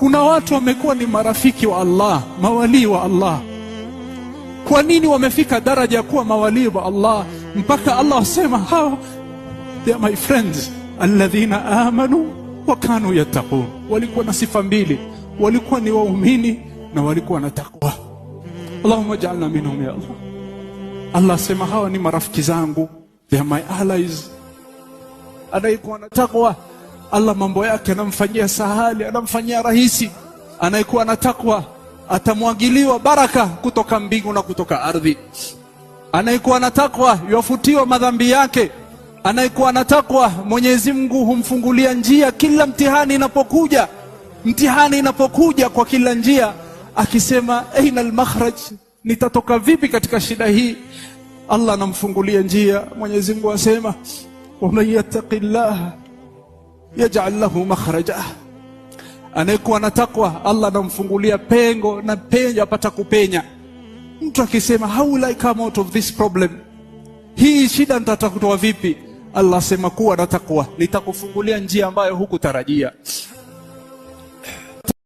Kuna watu wamekuwa ni marafiki wa Allah, mawalii wa Allah. Kwa nini wamefika daraja ya kuwa mawalii wa Allah mpaka Allah asema hao, they are my friends alladhina amanu wa kanu yattaqun, walikuwa na sifa mbili, walikuwa ni waumini na walikuwa na takwa. Allahumma ja'alna minhum ya Allah. Allah asema hawa ni marafiki zangu, they are my allies, anayekuwa na takwa Allah mambo yake anamfanyia sahali, anamfanyia rahisi. Anayekuwa na takwa atamwagiliwa baraka kutoka mbingu na kutoka ardhi. Anayekuwa na takwa yafutiwa madhambi yake. Anayekuwa na takwa Mwenyezi Mungu humfungulia njia kila mtihani inapokuja, mtihani inapokuja kwa kila njia, akisema aina almakhraj, nitatoka vipi katika shida hii? Allah anamfungulia njia. Mwenyezi Mungu asema waman yattaqi yaj'al lahu makhraja, anayekuwa na takwa Allah anamfungulia pengo na penya apata kupenya. Mtu akisema how will I come out of this problem, hii shida nitatakutoa vipi? Allah asema kuwa na takwa, nitakufungulia njia ambayo hukutarajia.